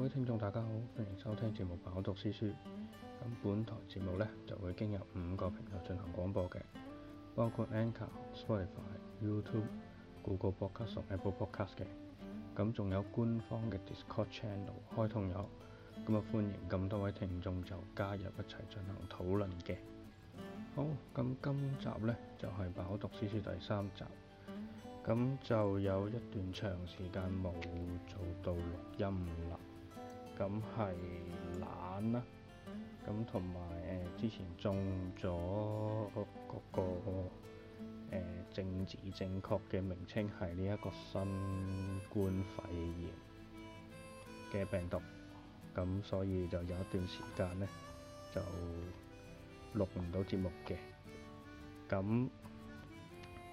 各位聽眾，大家好，歡迎收聽節目《飽讀詩書》。咁本台節目咧就會經由五個平台進行廣播嘅，包括 Anchor、Spotify、YouTube、Google Podcast 同 Apple Podcast 嘅。咁仲有官方嘅 Discord Channel 開通咗咁啊，歡迎咁多位聽眾就加入一齊進行討論嘅。好，咁今集咧就係《飽讀詩書》第三集。咁就有一段長時間冇做到錄音啦。咁係懶啦，咁同埋誒之前中咗嗰嗰個誒政治正確嘅名稱係呢一個新冠肺炎嘅病毒，咁所以就有一段時間咧就錄唔到節目嘅，咁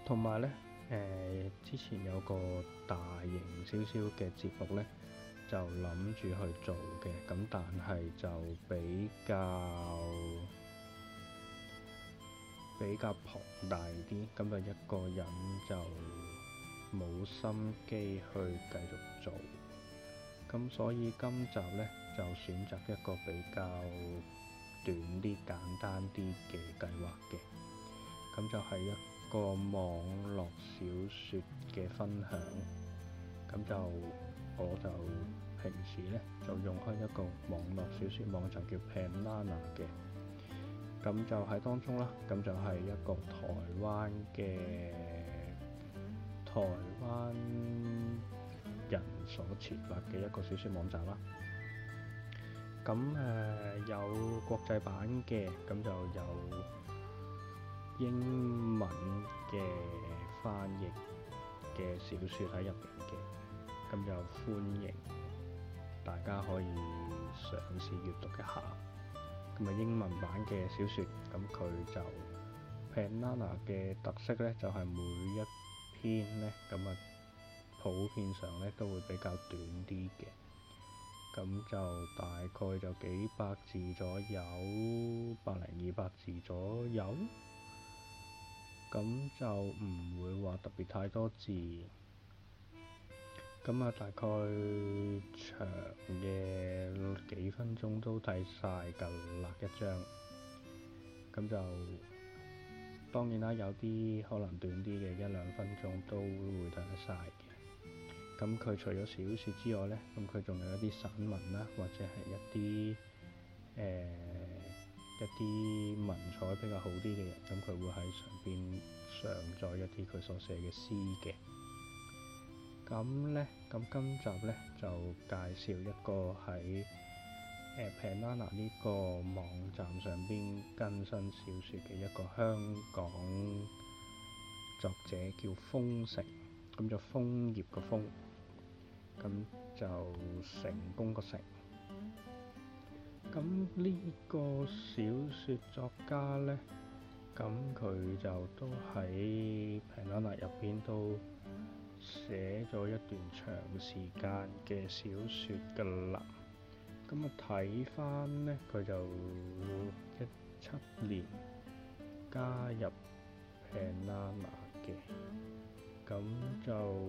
同埋咧誒之前有個大型少少嘅節目咧。就諗住去做嘅，咁但係就比較比較龐大啲，咁就一個人就冇心機去繼續做，咁所以今集呢，就選擇一個比較短啲、簡單啲嘅計劃嘅，咁就係一個網絡小說嘅分享，咁就。我就平時咧就用開一個網絡小說網站叫 Penana 嘅，咁就喺當中啦，咁就係一個台灣嘅台灣人所設立嘅一個小說網站啦。咁誒有國際版嘅，咁就有英文嘅翻譯嘅小說喺入邊嘅。咁就歡迎大家可以嘗試閱讀一下咁啊英文版嘅小説，咁佢就 Penana 嘅特色咧，就係每一篇咧咁啊普遍上咧都會比較短啲嘅，咁就大概就幾百字左右，百零二百字左右，咁就唔會話特別太多字。咁啊，大概長嘅幾分鐘都睇曬夠立一章，咁就當然啦，有啲可能短啲嘅一兩分鐘都會睇得曬嘅。咁佢除咗小說之外咧，咁佢仲有一啲散文啦，或者係一啲誒一啲文采比較好啲嘅人，咁佢會喺上邊上載一啲佢所寫嘅詩嘅。咁咧？咁今集咧就介紹一個喺 Penana 呢個網站上邊更新小説嘅一個香港作者叫楓成，咁就楓葉個楓，咁就成功個成。咁呢個小説作家咧，咁佢就都喺 Penana 入邊都。寫咗一段長時間嘅小説㗎啦，咁啊睇翻呢，佢就一七年加入 Penana 嘅，咁就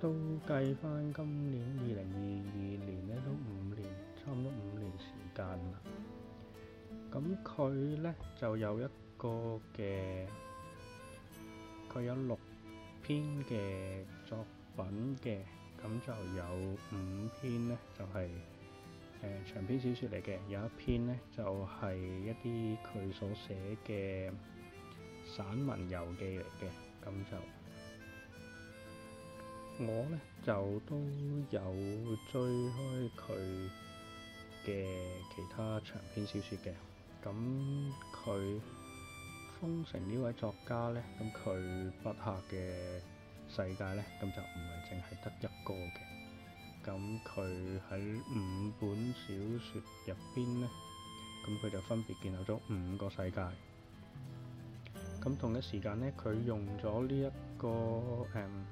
都計翻今年二零二二年咧，都五年，差唔多五年時間啦。咁佢呢，就有一個嘅。佢有六篇嘅作品嘅，咁就有五篇咧就係誒長篇小説嚟嘅，有一篇咧就係一啲佢所寫嘅散文遊記嚟嘅，咁就我咧就都有追開佢嘅其他長篇小説嘅，咁佢。楓成呢位作家呢，咁佢筆下嘅世界呢，咁就唔係淨係得一個嘅。咁佢喺五本小説入邊呢，咁佢就分別建立咗五個世界。咁同一時間呢，佢用咗呢一個誒、嗯、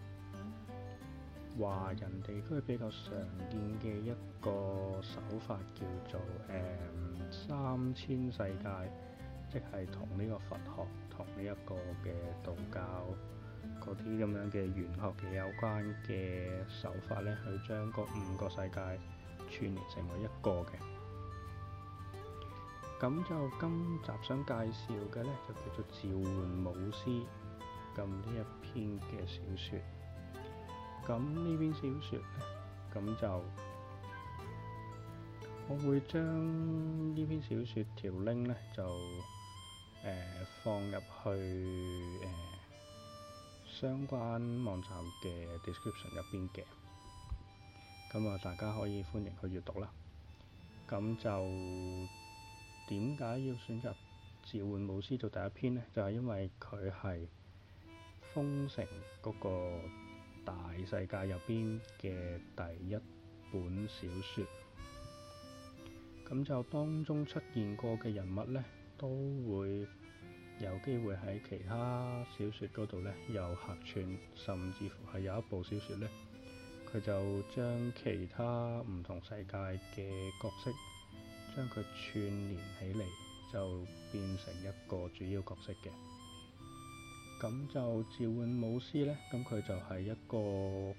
華人地區比較常見嘅一個手法，叫做、嗯、三千世界。即係同呢個佛學、同呢一個嘅道教嗰啲咁樣嘅玄學嘅有關嘅手法咧，去將個五個世界串聯成為一個嘅。咁就今集想介紹嘅咧，就叫做《召喚武師》咁呢一篇嘅小説。咁呢篇小説咧，咁就我會將呢篇小説條 l i 咧就。誒放入去、呃、相關網站嘅 description 入邊嘅，咁啊大家可以歡迎去閱讀啦。咁就點解要選擇召喚武師做第一篇呢？就係、是、因為佢係楓成嗰個大世界入邊嘅第一本小說。咁就當中出現過嘅人物呢，都會有機會喺其他小説嗰度咧有客串，甚至乎係有一部小説呢，佢就將其他唔同世界嘅角色將佢串連起嚟，就變成一個主要角色嘅。咁就《召喚武師》呢，咁佢就係一個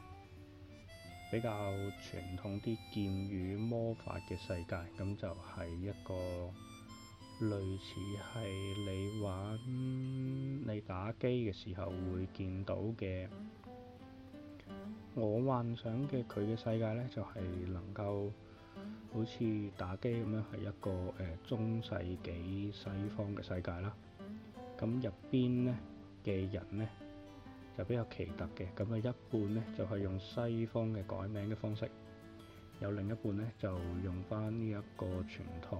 比較傳統啲劍與魔法嘅世界，咁就係一個。類似係你玩你打機嘅時候會見到嘅。我幻想嘅佢嘅世界呢，就係、是、能夠好似打機咁樣，係一個誒、呃、中世紀西方嘅世界啦。咁入邊呢嘅人呢，就比較奇特嘅。咁啊，一半呢，就係、是、用西方嘅改名嘅方式，有另一半呢，就用翻呢一個傳統。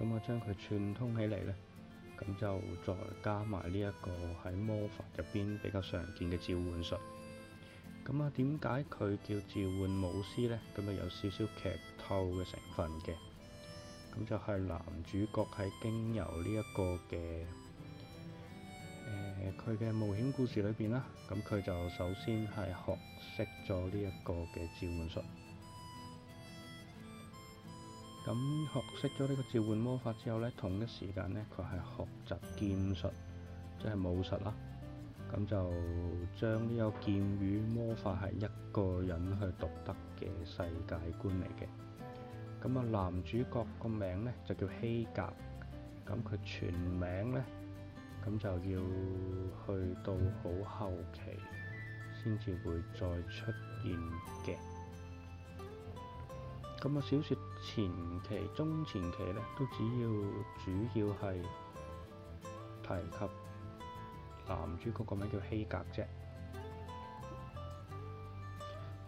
咁我將佢串通起嚟咧，咁就再加埋呢一個喺魔法入邊比較常見嘅召喚術。咁啊，點解佢叫召喚武師咧？咁啊，有少少劇透嘅成分嘅。咁就係男主角喺經由呢一個嘅誒佢嘅冒險故事裏邊啦。咁佢就首先係學識咗呢一個嘅召喚術。咁學識咗呢個召喚魔法之後呢，同一時間呢，佢係學習劍術，即係武術啦。咁就將呢個劍與魔法係一個人去獨特嘅世界觀嚟嘅。咁啊，男主角個名呢就叫希格。咁佢全名呢，咁就要去到好後期先至會再出現嘅。咁啊！小説前期，中前期咧，都主要主要係提及男主角個名叫希格啫。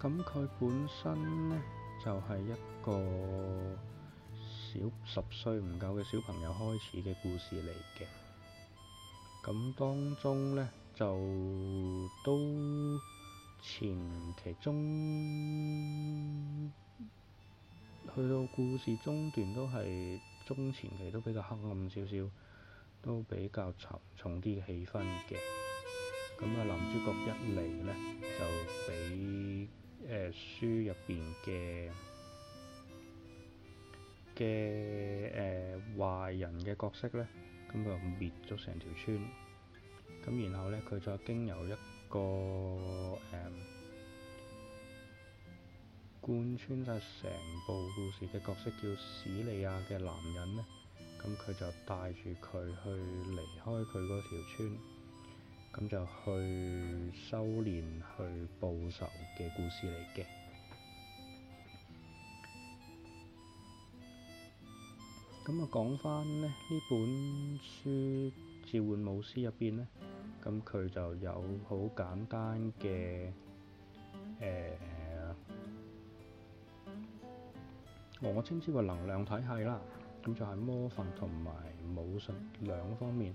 咁佢本身咧就係、是、一個小十歲唔夠嘅小朋友開始嘅故事嚟嘅。咁當中咧就都前期中。去到故事中段都係中前期都比較黑暗少少，都比較沉重啲嘅氣氛嘅。咁啊，男主角一嚟咧，就俾誒書入邊嘅嘅誒壞人嘅角色咧，咁就滅咗成條村。咁然後咧，佢再經由一個誒，貫穿曬成部故事嘅角色叫史利亞嘅男人咧，咁佢就帶住佢去離開佢嗰條村，咁就去修練去報仇嘅故事嚟嘅。咁啊，講翻咧呢本書《召喚武師》入邊咧，咁佢就有好簡單嘅誒。我稱之為能量體係啦,咁就係魔法同埋武術,兩方面,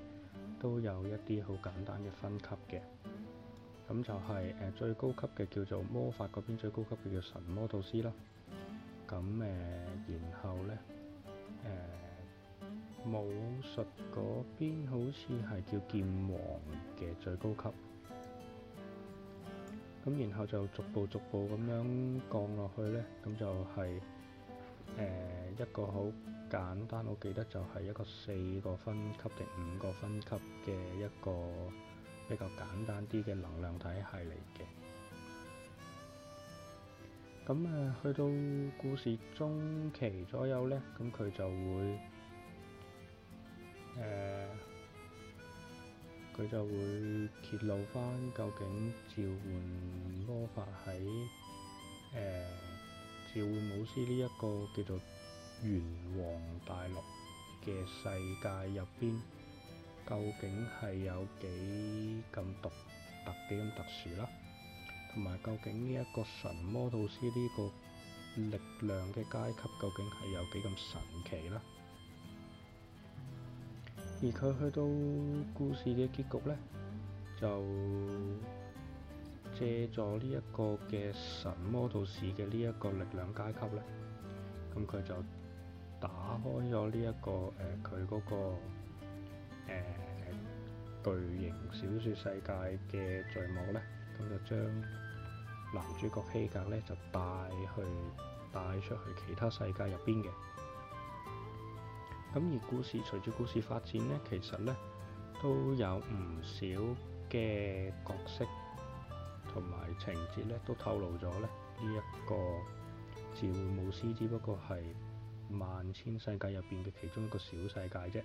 都有一啲好簡單嘅分級嘅。咁就係最高級嘅叫做魔法嗰邊最高級嘅叫神魔導師啦。咁,然後呢,武術嗰邊好似係叫劍王嘅最高級。咁然後就逐步逐步咁樣降落去呢,咁就係,誒一個好簡單，我記得就係一個四個分級定五個分級嘅一個比較簡單啲嘅能量體系嚟嘅。咁啊，去到故事中期左右咧，咁佢就會誒佢、呃、就會揭露翻究竟召喚魔法喺誒。呃召武師呢一個叫做玄黃大陸嘅世界入邊，究竟係有幾咁獨特幾咁特殊啦？同埋究竟呢一個神魔導師呢個力量嘅階級，究竟係有幾咁神奇啦？而佢去到故事嘅結局咧，就～借助呢一個嘅神魔道士嘅呢一個力量階級咧，咁佢就打開咗呢一個誒佢嗰個誒巨型小説世界嘅序幕咧，咁就將男主角希格咧就帶去帶出去其他世界入邊嘅。咁而故事隨住故事發展咧，其實咧都有唔少嘅角色。同埋情節咧，都透露咗咧呢一個召喚武師，只不過係萬千世界入邊嘅其中一個小世界啫。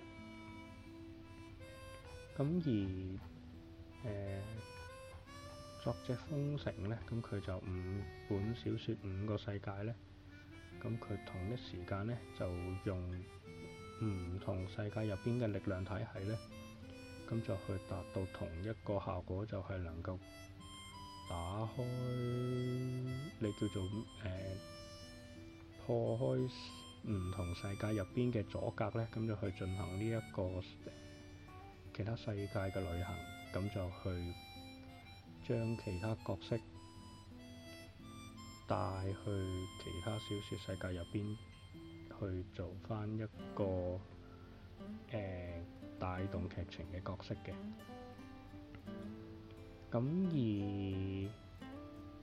咁而、呃、作者楓成呢，咁佢就五本小説五個世界呢，咁佢同一時間呢，就用唔同世界入邊嘅力量體系呢，咁就去達到同一個效果，就係能夠。打開你叫做誒、呃、破開唔同世界入邊嘅阻隔咧，咁就去進行呢、這、一個其他世界嘅旅行，咁就去將其他角色帶去其他小說世界入邊去做返一個誒、呃、帶動劇情嘅角色嘅。咁而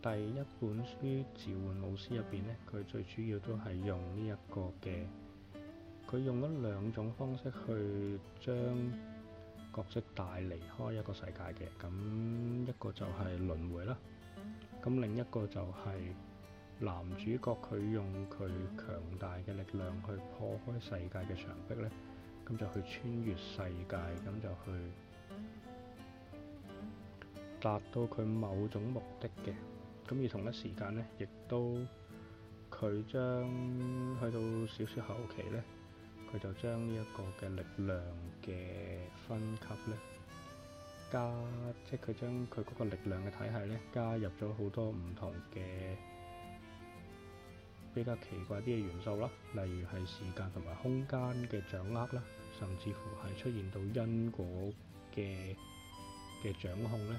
第一本書《召喚武師》入面呢，佢最主要都係用呢一個嘅，佢用咗兩種方式去將角色帶離開一個世界嘅。咁一個就係輪迴啦，咁另一個就係男主角佢用佢強大嘅力量去破開世界嘅牆壁呢，咁就去穿越世界，咁就去，達到佢某種目的嘅，咁而同一時間咧，亦都佢將去到小説後期咧，佢就將呢一個嘅力量嘅分級咧，加即係佢將佢嗰個力量嘅體系咧，加入咗好多唔同嘅比較奇怪啲嘅元素啦，例如係時間同埋空間嘅掌握啦，甚至乎係出現到因果嘅嘅掌控咧。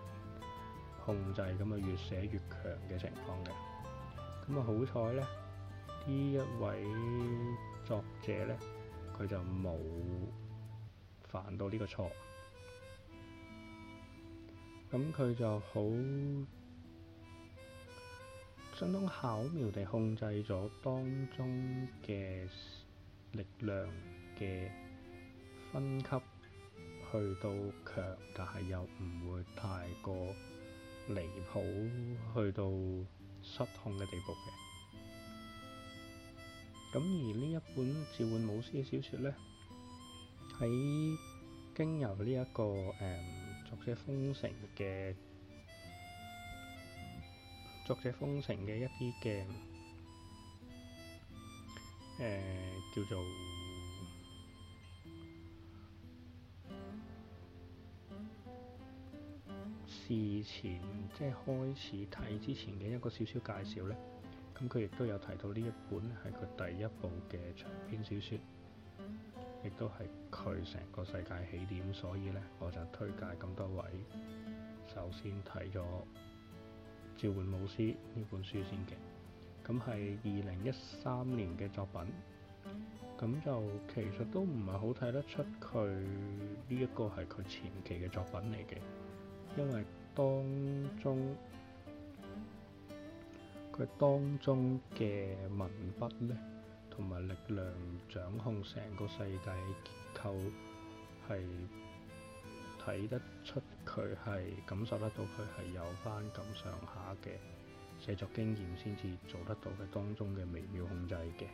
控制咁啊，越寫越強嘅情況嘅。咁啊，好彩咧，呢一位作者咧，佢就冇犯到呢個錯。咁佢就好相當巧妙地控制咗當中嘅力量嘅分級，去到強，但係又唔會太過。離譜去到失控嘅地步嘅，咁而呢一本召喚武師嘅小說咧，喺經由呢、這、一個誒作、嗯、者楓成嘅作者楓成嘅一啲嘅誒叫做。以前即係開始睇之前嘅一個小小介紹咧，咁佢亦都有提到呢一本係佢第一部嘅長篇小說，亦都係佢成個世界起點，所以咧我就推介咁多位，首先睇咗《召喚武師》呢本書先嘅，咁係二零一三年嘅作品，咁就其實都唔係好睇得出佢呢一個係佢前期嘅作品嚟嘅，因為，當中，佢當中嘅文筆咧，同埋力量掌控成個世界結構，係睇得出佢係感受得到佢係有翻咁上下嘅寫作經驗先至做得到佢當中嘅微妙控制嘅。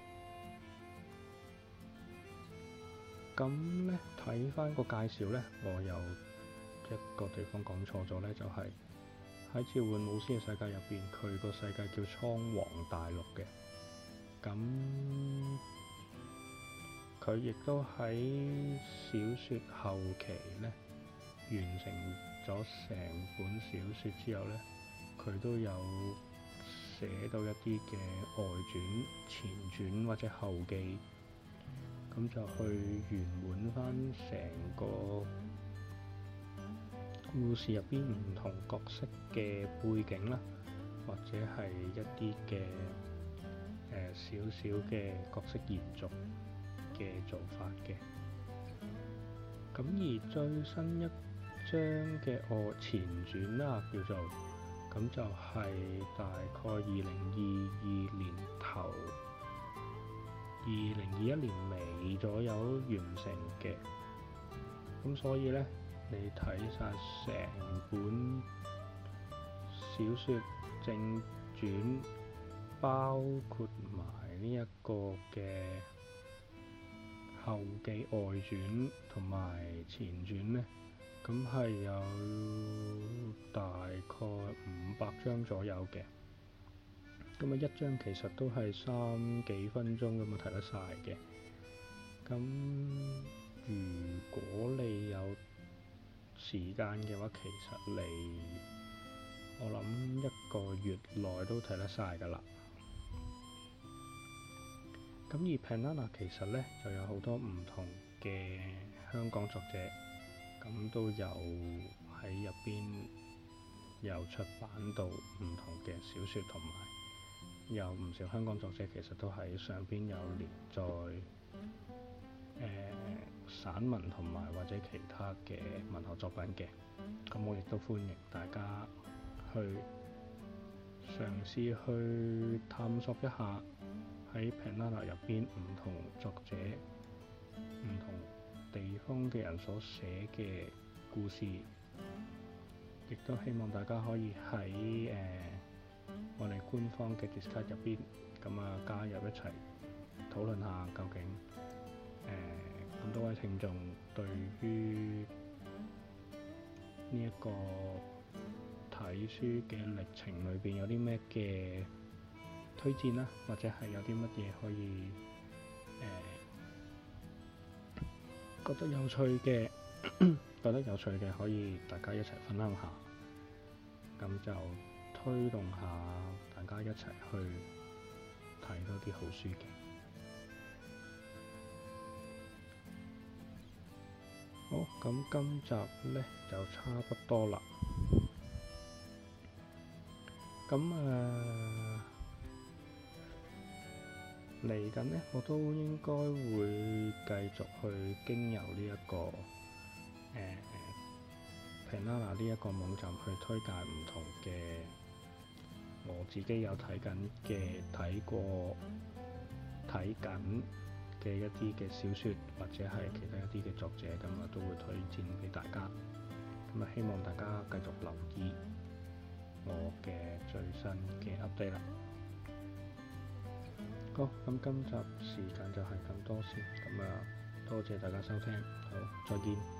咁咧睇翻個介紹咧，我又。一個地方講錯咗呢，就係、是、喺召喚武師嘅世界入邊，佢個世界叫倉皇大陸嘅。咁佢亦都喺小説後期咧，完成咗成本小説之後呢，佢都有寫到一啲嘅外傳、前傳或者後記，咁就去圓滿翻成個。故事入邊唔同角色嘅背景啦，或者係一啲嘅誒少少嘅角色延續嘅做法嘅。咁而最新一章嘅我前傳啦，叫做咁就係大概二零二二年頭、二零二一年尾左右完成嘅。咁所以咧～你睇曬成本小説正傳，包括埋呢一個嘅後記外傳同埋前傳呢，咁係有大概五百章左右嘅。咁一章其實都係三幾分鐘咁啊，睇得曬嘅。咁如果你有，時間嘅話，其實你我諗一個月內都睇得晒㗎啦。咁而 Penana 其實呢，就有好多唔同嘅香港作者，咁都有喺入邊又出版到唔同嘅小説，同埋有唔少香港作者其實都喺上邊有連載。散文同埋或者其他嘅文學作品嘅，咁我亦都歡迎大家去嘗試去探索一下喺 Penana 入邊唔同作者、唔同地方嘅人所寫嘅故事，亦都希望大家可以喺誒、呃、我哋官方嘅 Discord 入邊，咁啊加入一齊討論下究竟誒。呃咁多位聽眾對於呢一個睇書嘅歷程裏邊有啲咩嘅推薦啦，或者係有啲乜嘢可以誒覺得有趣嘅，覺得有趣嘅 可以大家一齊分享下，咁就推動下大家一齊去睇多啲好書嘅。咁、哦、今集咧就差不多啦。咁啊，嚟緊咧我都應該會繼續去經由呢、這、一個誒 Penana 呢一個網站去推介唔同嘅我自己有睇緊嘅睇過睇緊。嘅一啲嘅小説，或者係其他一啲嘅作者，咁啊都會推薦俾大家。咁啊，希望大家繼續留意我嘅最新嘅 update 啦。好，咁今集時間就係咁多先。咁啊，多謝大家收聽。好，再見。